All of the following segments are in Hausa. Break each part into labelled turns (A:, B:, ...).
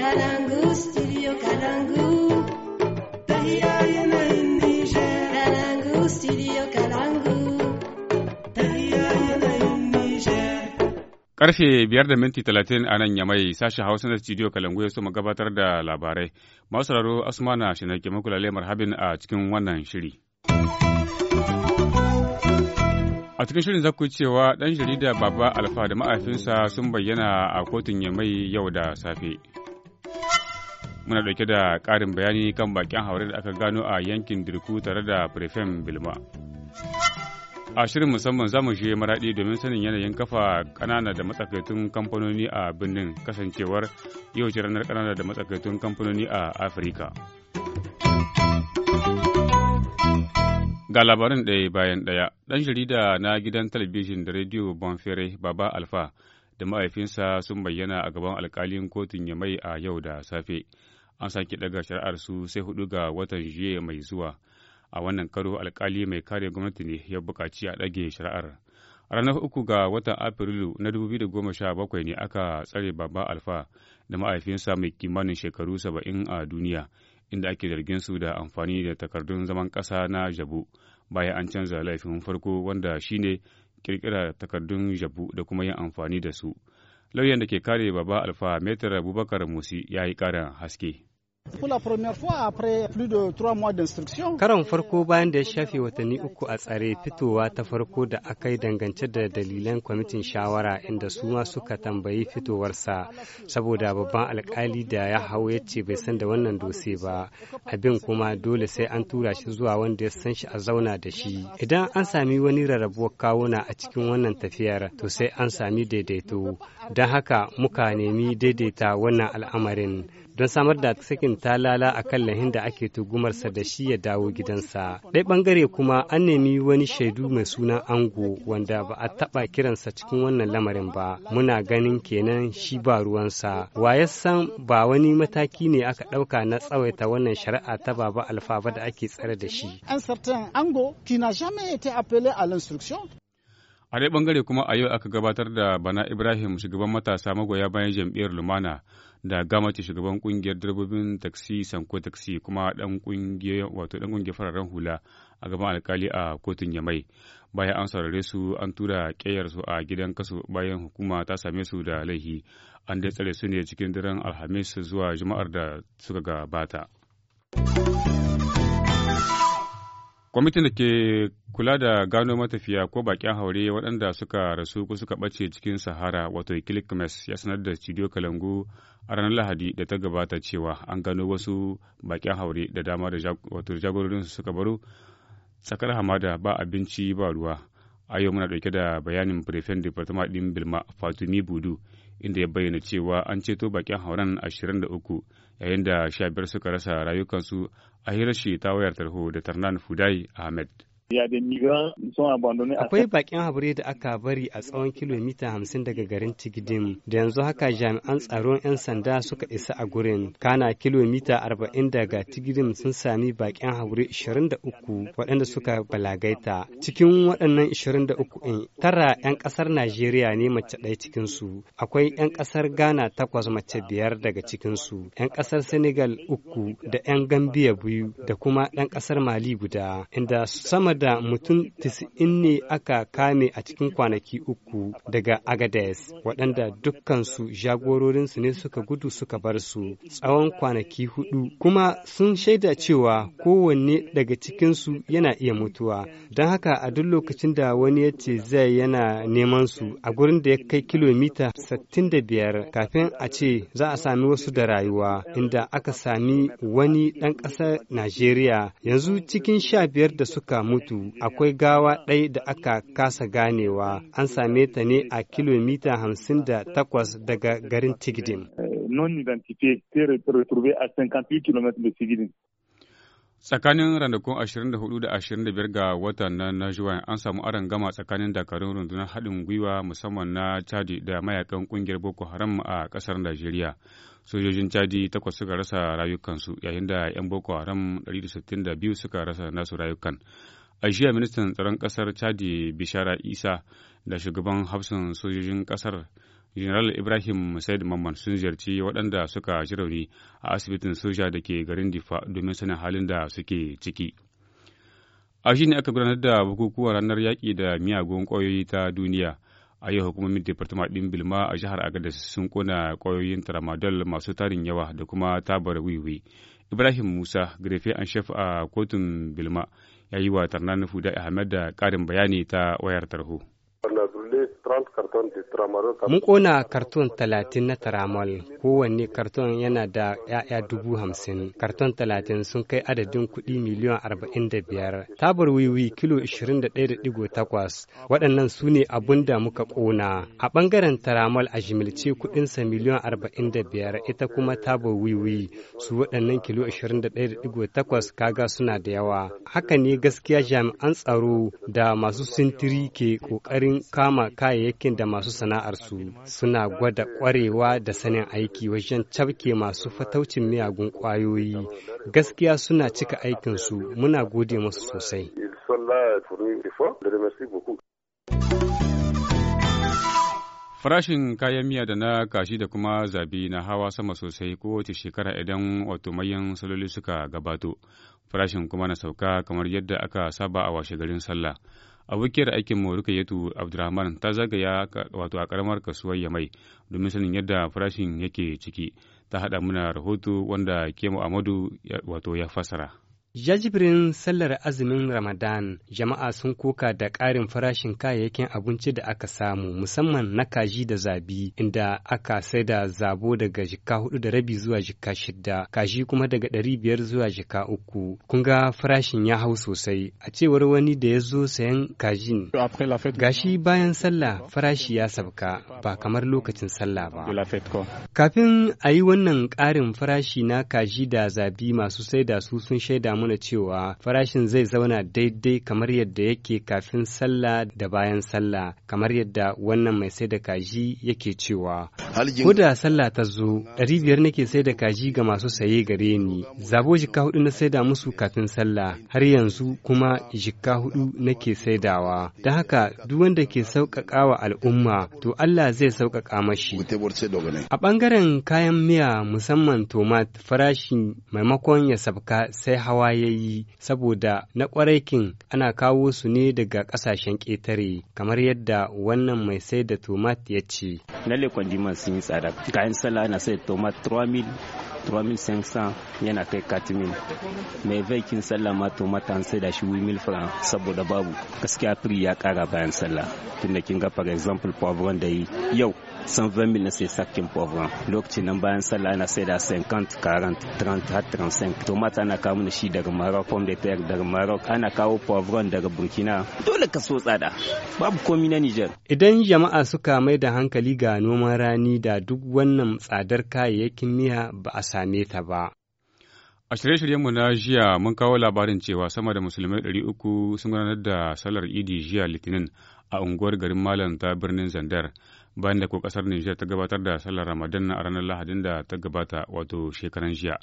A: Kalangu,
B: Karfe biyar da minti talatin a nan yamai sashen Hausa na studio Kalangu ya so mu gabatar da labarai. Masu raro Asmana shi na ke makulale marhabin a cikin wannan shiri. a cikin shirin zaku cewa ɗan jarida baba alfa da ma'aifinsa sun bayyana a kotun yamai yau da safe muna dauke da karin bayani kan bakin haure da aka gano a yankin dirku tare da prefem bilma a shirin musamman zamu mu maradi maraɗi domin sanin yanayin kafa ƙanana da matsakaitun kamfanoni a birnin kasancewar yau ce ranar ƙanana da matsakaitun kamfanoni a afirka ga labarin ɗaya bayan ɗaya ɗan jarida na gidan talabijin da rediyo bonfere baba alfa da ma'aifinsa sun bayyana a gaban alkalin kotun yamai a yau da safe an sake daga shari'ar su sai hudu ga watan juye mai zuwa a wannan karo alkali mai kare gwamnati ne ya bukaci a ɗage shari'ar ranar uku ga watan afrilu na 2017 ne aka tsare baba alfa da ma'aifinsa mai kimanin shekaru 70 a duniya inda ake zargin su da amfani da takardun zaman ƙasa na jabu bayan an canza laifin farko wanda shine kirkira takardun jabu da kuma yin amfani da su lauyan da ke kare baba alfa metar abubakar musi ya yi ƙarin haske
A: Karon farko bayan da ya shafe watanni uku a tsare fitowa ta farko da aka yi dangance da dalilan kwamitin shawara inda su ma suka tambayi fitowarsa saboda babban alkali da ya hau ya ce bai san da wannan dose ba abin kuma dole sai an tura shi zuwa wanda ya san shi a zauna da shi idan an sami wani rarrabuwar kawuna a cikin wannan tafiyar to sai an sami daidaito don haka muka nemi daidaita wannan al'amarin don samar da sakin talala a kan lahin da ake tugumarsa da shi ya dawo gidansa. Ɗai bangare kuma an nemi wani shaidu mai suna ango wanda ba a taɓa kiransa cikin wannan lamarin ba. Muna ganin kenan shi ba ruwansa. ya san ba wani mataki ne aka ɗauka na tsawaita wannan shari'a ta
B: baba alfa ba da ake tsare da shi.
A: An certain ango qui n'a jamais été appelé à l'instruction
B: A dai bangare kuma a yau aka gabatar da Bana Ibrahim shugaban matasa magoya bayan jam'iyyar Lumana da Gamati shugaban kungiyar direbobin taksi Sanko taksi kuma dan kungiyar wato dan kungiyar fararen hula a gaban alkali a kotun Yamai. Bayan an saurare su an tura keyar su a gidan kasu bayan hukuma ta same su da laihi an dai tsare su ne cikin daren Alhamis zuwa Juma'ar da suka gabata. Kwamitin da ke kula da gano matafiya ko bakin haure waɗanda suka rasu ko suka ɓace cikin Sahara wato kilikmes ya sanar da Cidiyo Kalangu a ranar Lahadi da ta gabata cewa an gano wasu bakin haure da dama da wato jagororinsu suka baro tsakar hamada ba abinci ba ruwa. A yau muna ɗauke da bayanin Prefen Departement ɗin Bilma Fatumi Budu. inda ya bayyana cewa an ceto bakin hauren 23 yayin da sha biyar suka rasa rayukansu a hirar shi ta wayar tarho da Tarnan Fudai Ahmed. Akwai bakin
A: habure da aka bari a tsawon kilomita hamsin daga garin Tigidim, da yanzu haka jami'an tsaron 'yan sanda suka isa a gurin. Kana kilomita arba'in daga Tigidim sun sami bakin habure uku waɗanda suka balagaita. Cikin waɗannan 23 in tara 'yan ƙasar Najeriya ne mace ɗaya cikinsu. Akwai 'yan ƙasar Ghana takwas mace biyar daga cikinsu, 'yan ƙasar Senegal uku da 'yan Gambiya biyu da kuma yan ƙasar Mali guda, inda sama da mutum 90 ne aka kame a cikin kwanaki uku daga Agadez waɗanda dukkansu jagororinsu ne suka gudu suka bar su tsawon kwanaki hudu, kuma sun shaida cewa kowanne daga cikinsu yana iya mutuwa. Don haka a duk lokacin da wani ya ce zai yana neman su a gurin da ya kai kilomita 65 kafin a ce za a sami wasu da rayuwa, inda aka sami wani ɗan ƙasar Najeriya yanzu cikin sha biyar da suka mutu. mutu akwai gawa ɗai da aka kasa ganewa an same ta ne a kilomita hamsin da takwas daga garin Tigidin.
B: Tsakanin ranakun 24 da 25 ga watan nan na Juwan an samu aron gama tsakanin dakarun rundunar haɗin gwiwa musamman na Chadi da mayakan ƙungiyar Boko Haram a ƙasar Najeriya. Sojojin Chadi takwas suka rasa rayukansu yayin da 'yan Boko Haram 162 suka rasa nasu rayukan. a jiya ministan tsaron kasar chadi bishara isa da shugaban hafsan sojojin kasar general ibrahim said mamman sun ziyarci waɗanda suka ji rauni a asibitin soja da ke garin difa domin sanin halin da suke ciki a shi ne aka gudanar da bukukuwa ranar yaƙi da miyagun ƙwayoyi ta duniya a yau hukumomin departama ɗin bilma a jihar agadas sun kona ƙwayoyin tramadol masu tarin yawa da kuma tabar wiwi ibrahim musa grefe an shef a kotun bilma ya yi wa tarnan fuda ahmed da ƙarin bayani ta wayar tarho. Mun ƙona karton talatin na
A: taramal, kowanne karton yana da ‘ya'ya dubu hamsin. Karton talatin sun kai adadin kuɗi miliyan arba'in da biyar. Tabar wiwi kilo ishirin da ɗaya da ɗigo takwas. Waɗannan su ne abin da muka ƙona. A ɓangaren taramal a jimilce kuɗinsa miliyan arba'in da biyar ita kuma tabar wiwi su waɗannan kilo ishirin da ɗaya da ɗigo takwas kaga suna da yawa. Haka ne gaskiya jami'an tsaro da masu sintiri ke ƙoƙarin kama kayan kayayyakin da masu sana'ar su suna gwada kwarewa da sanin aiki wajen cafke masu fataucin miyagun kwayoyi gaskiya suna cika aikinsu muna gode musu sosai
B: Farashin kayan miya da na kashi da kuma zabi na hawa sama sosai kowace shekara idan wato mayan saloli suka gabato. Farashin kuma na sauka kamar yadda aka saba a washe garin sallah. abokiyar aikin Morika Yetu abdulrahman ta zagaya wato a karamar kasuwar yamai domin sanin yadda farashin yake ciki ta haɗa muna rahoto wanda Kemo amadu wato ya fasara.
A: Jajibirin sallar azumin Ramadan, jama'a sun koka da ƙarin farashin kayayyakin abinci da aka samu musamman na kaji da zabi inda aka sai da zabo daga jika hudu da rabi zuwa jika shida, kaji kuma daga ɗari biyar zuwa jika uku. Kun ga farashin ya hau sosai, a cewar wani da ya zo sayan kajin. Gashi bayan sallah farashi ya sabka ba kamar lokacin sallah ba. Kafin a yi wannan ƙarin farashi na kaji da zabi masu sai da su sun shaida mana cewa farashin zai zauna daidai kamar yadda yake kafin sallah da bayan sallah kamar yadda wannan mai sai da kaji yake cewa. Ko da sallah ta zo, ɗari biyar nake sai da kaji ga masu saye gare ni, zabo jika hudu na saida musu kafin sallah, har yanzu kuma jika hudu nake saidawa. Don haka duk wanda ke sauƙaƙa wa al'umma, to Allah zai sauƙaƙa mashi. A ɓangaren kayan miya musamman tomat farashin maimakon ya sabka sai hawa kowa ya yi saboda na kwaraikin ana kawo su ne daga ƙasashen ƙetare kamar yadda wannan mai sai da tomat ya ce. na Lalle kwandiman sun yi tsada kayan sallah ana sai tomat 3000 3500 yana kai katimin. mai vaikin sallah ma tomat an sai da shi 1000 franc saboda babu gaskiya firi ya kara bayan sallah tunda kin ga for example da yi yau 120 mil na sai sakin poivron lokacin nan bayan sallah ana sai da 50 40 30 har 35 tomata ana kawo mana shi daga Maroc pomme de terre daga Maroc ana kawo poivron daga Burkina dole ka so tsada babu komi na Niger idan jama'a suka mai da hankali ga noman rani da duk wannan tsadar kayayyakin miya ba a same ta ba
B: A shirye shiryen mu na jiya mun kawo labarin cewa sama da musulmai 300 sun gudanar da salar idi jiya litinin a unguwar garin Malam ta birnin Zandar bayan da ko kasar Nijar ta gabatar da sallar Ramadan a ranar Lahadin da ta gabata wato shekaran jiya.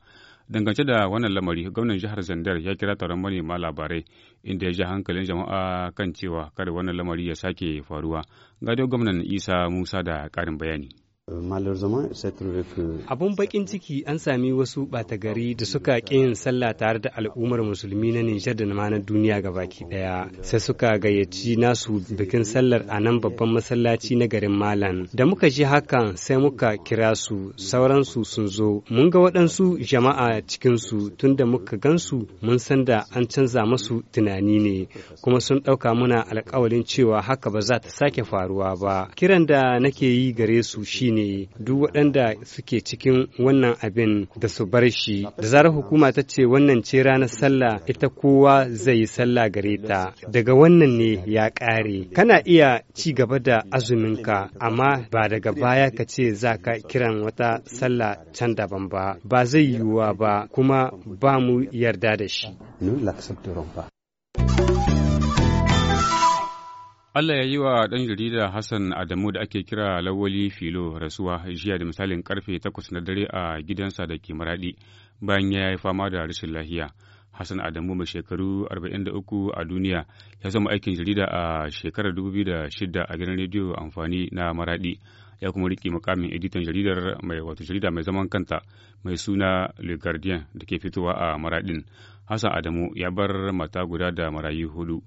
B: Dangance da wannan lamari, gwamnan jihar Zandar ya kira taron manema labarai inda ya ji hankalin jama'a kan cewa kada wannan lamari ya sake faruwa. Gado gwamnan Isa Musa da karin bayani. Eh,
A: Abun bakin ciki an sami wasu ɓata gari da suka ƙi yin sallah tare da al'ummar musulmi na Nijar da ma na duniya baki ɗaya. Sai suka gayyaci nasu bikin sallar a nan babban masallaci na garin Malam. Da muka ji hakan sai muka kira su sauransu sun zo. Mun ga waɗansu jama'a cikinsu tun da muka gansu mun san da an canza masu tunani ne kuma sun ɗauka muna alƙawarin cewa haka ba za ta sake faruwa ba. Kiran da nake yi gare su shine ne duk waɗanda suke cikin wannan abin da su bar shi da zarar hukuma ta ce wannan ce ranar sallah ita kowa zai yi sallah gare ta daga wannan ne ya ƙare kana iya ci gaba da azuminka amma ba daga baya ka ce za ka kiran wata sallah can daban ba ba zai yiwuwa ba kuma ba mu yarda da shi
B: Allah ya yi wa ɗan jarida Hassan Adamu da ake kira Lawali Filo rasuwa jiya da misalin karfe takwas na dare a gidansa da ke maraɗi bayan ya yi fama da rashin lahiya. Hassan Adamu mai shekaru da uku a duniya ya zama aikin jarida a shekarar shida a gidan rediyo amfani na maraɗi ya kuma riƙe mukamin editan jaridar mai wato jarida mai zaman kanta mai suna Le Gardien da ke fitowa a maraɗin. Hassan Adamu ya bar mata guda da marayu hudu.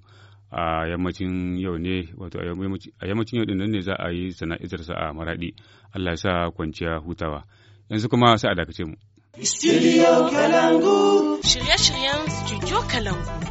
B: a yammacin yau ne wato a yammacin yau nan ne za a yi sana'izar sa a maradi Allah ya sa kwanciya hutawa yanzu kuma sai a dakace mu Studio Kalangu shirye-shiryen
A: Studio Kalangu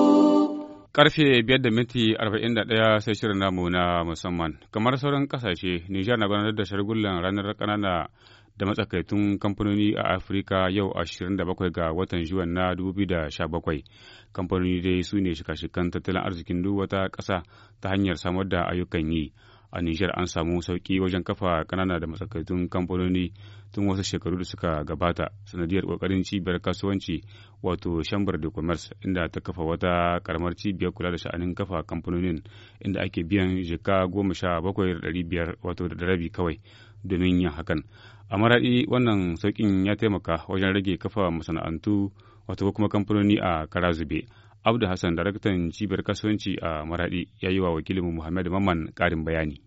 B: Karfe biyar da minti arba'in da ɗaya sai shirin namu na musamman. Kamar sauran kasashe Nijar na gudanar da shargullan ranar kanana da matsakaitun kamfanoni a Afirka yau 27 ga watan Juwan na 2017. Kamfanoni dai su ne shika-shikan tattalin arzikin duk wata ƙasa ta hanyar samar da ayyukan yi. a Nijar an samu sauki wajen kafa ƙanana da matsakaitun kamfanoni tun wasu shekaru da suka gabata sanadiyar ƙoƙarin cibiyar kasuwanci wato shambar de Commerce inda ta kafa wata karamar cibiyar kula da sha'anin kafa kamfanonin inda ake biyan jika goma sha bakwai da ɗari biyar wato da rabi kawai domin yin hakan. A maraɗi wannan sauƙin ya taimaka wajen rage kafa masana'antu wato kuma kamfanoni a kara zube. Abdu Hassan, daraktan cibiyar kasuwanci a Maradi, ya yi wa wakilin Muhammad Mamman ƙarin bayani.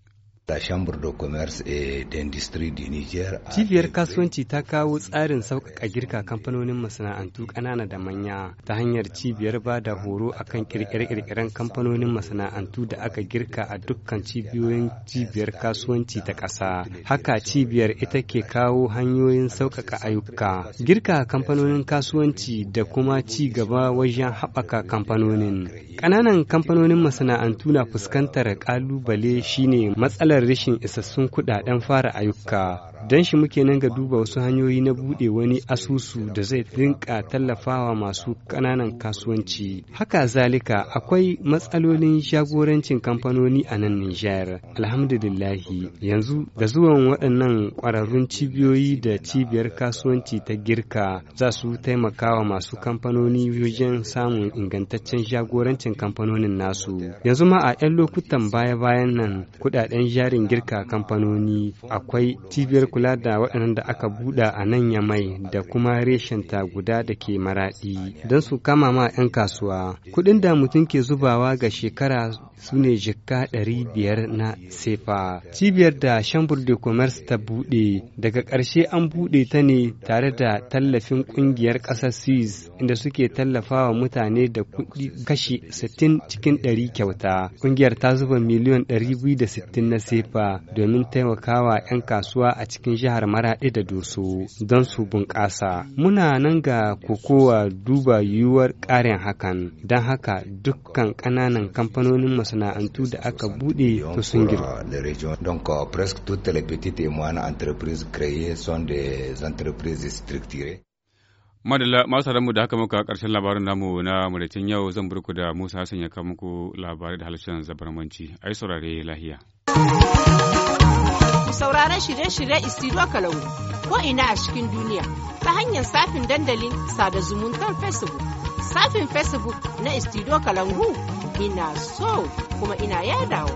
A: Cibiyar kasuwanci ta kawo tsarin sauƙaƙa girka kamfanonin masana'antu ƙanana da manya ta hanyar cibiyar ba da horo akan ƙirƙire-ƙirƙiren kamfanonin masana'antu da aka girka a dukkan cibiyoyin cibiyar kasuwanci ta ƙasa. Haka cibiyar ita ke kawo hanyoyin sauƙaƙa ayyuka. Girka kamfanonin kasuwanci da kuma ci gaba wajen haɓaka kamfanonin. Ƙananan kamfanonin masana'antu na fuskantar ƙalubale shine matsalar matsalar rashin isassun kuɗaɗen fara ayyuka don shi muke nan ga duba wasu hanyoyi na buɗe wani asusu da zai rinka tallafawa masu ƙananan kasuwanci haka zalika akwai matsalolin shagorancin kamfanoni a nan nijar alhamdulillahi yanzu da zuwan waɗannan ƙwararrun cibiyoyi da cibiyar kasuwanci ta girka za su taimakawa masu kamfanoni wajen samun ingantaccen shagorancin kamfanonin nasu yanzu ma a 'yan lokutan baya-bayan nan kudaden jarin girka kamfanoni akwai cibiyar kula da waɗannan da aka buɗa a nan yamai da kuma reshenta guda da ke maraɗi don su kama ma 'yan kasuwa kuɗin da mutum ke zubawa ga shekara su ne jikka ɗari biyar na sefa cibiyar da shambur de commerce ta buɗe daga ƙarshe an buɗe ta ne tare da tallafin ƙungiyar ƙasar sis inda suke tallafawa mutane da kashi 60 cikin ɗari kyauta ƙungiyar ta zuba miliyan 260 na sefa sefa domin taimakawa 'yan kasuwa a cikin jihar Maraɗi da dusu don su bunƙasa. Muna nan ga kokowa duba yiwuwar ƙarin hakan, don haka dukkan ƙananan kamfanonin masana'antu da aka buɗe ta sun madala euh, euh,
B: madalla masu mu da haka muka karshen labarin namu na muritin yau zan burku da musa hassan ya kawo muku labarai da harshen zabarmanci ai saurare lahiya
A: sauraron shirye-shirye Istiro Kalau ko ina a cikin duniya ta hanyar safin dandalin sada zumuntar Facebook. Safin Facebook na Istiro Kalangu ina so kuma ina yadawa.